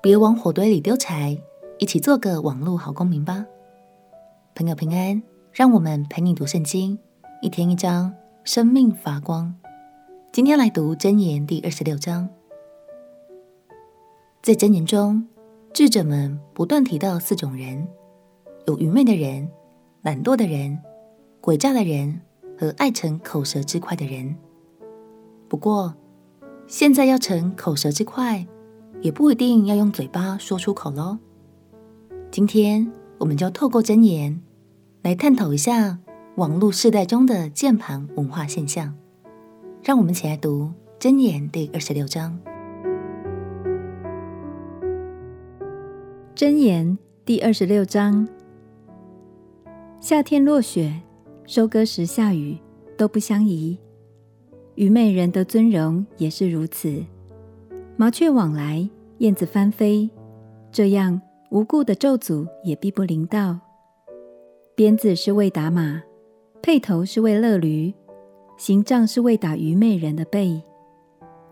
別往火堆裡丟柴，一起做個網絡好公民吧。朋友平安，讓我們陪你讀聖經，一天一章，生命發光。今天來讀箴言第二十六章。在箴言中，智者們不斷提到四種人：有愚昧的人、懶惰的人、詭詐的人和愛逞口舌之快的人。不過，現在要逞口舌之快。也不一定要用嘴巴說出口嘍。今天我們就透過箴言來探討一下網絡世代中的鍵盤文化現象。讓我們一起來讀箴言,箴言第二十六章。箴言第二十六章：夏天落雪，收割時下雨，都不相宜。愚昧人的尊榮也是如此。麻雀往來，燕子翻飛，這樣無故的咒詛也必不臨到。鞭子是為打馬，轡頭是為勒驢，刑杖是為打愚昧人的背。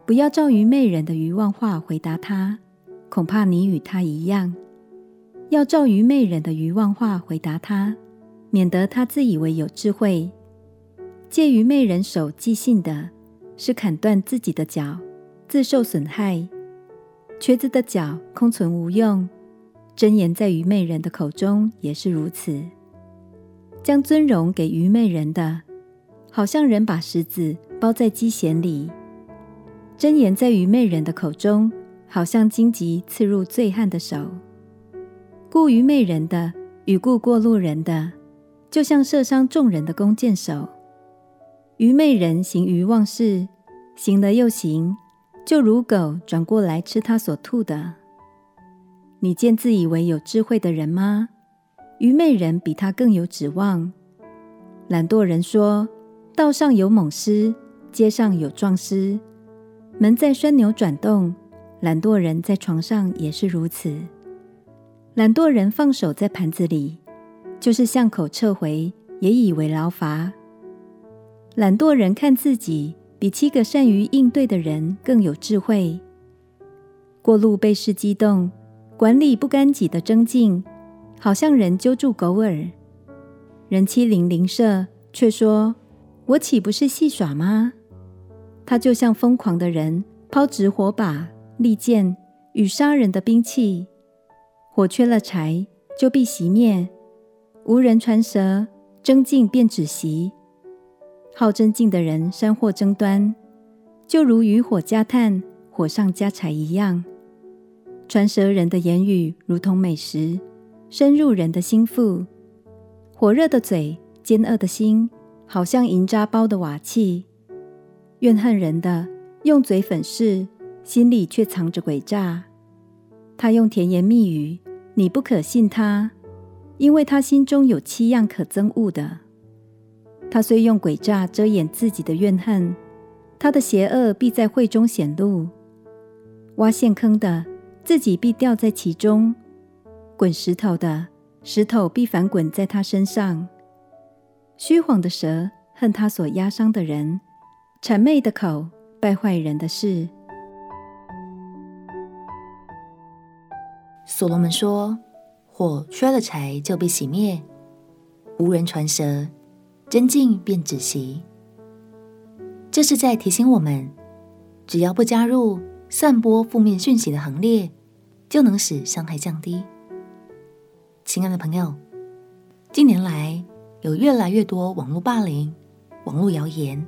不要照愚昧人的愚妄話回答他，恐怕你與他一樣；要照愚昧人的愚妄話回答他，免得他自以為有智慧。借愚昧人手寄信的是砍斷自己的腳。自受損害，瘸子的腳空存無用。箴言在愚昧人的口中也是如此。將尊榮給愚昧人的，好像人把石子包在機弦裡；箴言在愚昧人的口中，好像荊棘刺入醉漢的手。雇愚昧人的與雇過路人的，就像射傷眾人的弓箭手。愚昧人行愚妄事，行了又行。就如狗轉過來吃它所吐的，你見自以為有智慧的人嗎？愚昧人比他更有指望。懶惰人說：道上有猛獅，街上有壯獅，門在樞紐轉動，懶惰人在床上也是如此。懶惰人放手在盤子裡，就是向口撤回，也以為勞乏。懶惰人看自己，比七個善於應對的人更有智慧。過路被事激動，管理不干己的爭競，好像人揪住狗耳。人欺凌鄰舍，卻說我豈不是戲耍嗎？他就像瘋狂的人，拋擲火把、利箭與殺人的兵器。火缺了柴，就必熄滅；無人傳舌，爭競便止息。好爭競的人煽惑爭端，就如餘火加炭，火上加柴一樣。傳舌人的言語如同美食，深入人的心腹。火熱的嘴，奸惡的心，好像銀渣包的瓦器。怨恨人的用嘴粉飾，心裡卻藏着詭詐。他用甜言蜜語，你不可信他，因為他心中有七樣可憎惡的。他雖用詭詐遮掩自己的怨恨，他的邪惡必在會中顯露。挖陷坑的，自己必掉在其中；滾石頭的，石頭必反滾在他身上。虛謊的舌恨他所壓傷的人，諂媚的口敗壞人的事。所羅門說：“火缺了柴就被熄滅，無人傳舌，跟進便止息，這是在提醒我們，只要不加入散播負面訊息的行列，就能使傷害降低。親愛的朋友，近年來有越來越多網絡霸凌、網絡謠言，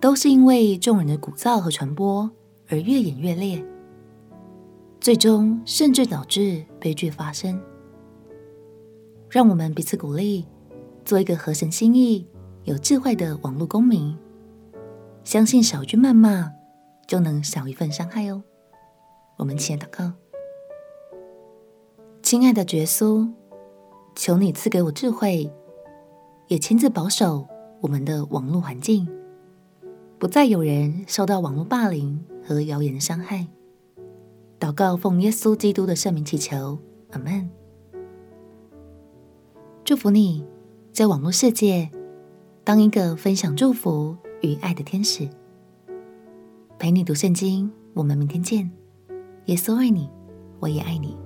都是因為眾人的鼓噪和傳播而越演越烈，最終甚至導致悲劇發生。讓我們彼此鼓勵。做一個合神心意、有智慧的網絡公民，相信少一句謾罵，就能少一份傷害哦。我們一起禱告：親愛的耶穌，求你賜給我智慧，也親自保守我們的網絡環境，不再有人受到網絡霸凌和謠言的傷害。禱告奉耶穌基督的聖名祈求，阿門。祝福你。在網絡世界，當一個分享祝福與愛的天使。陪你讀聖經，我們明天見。耶穌愛你，我也愛你。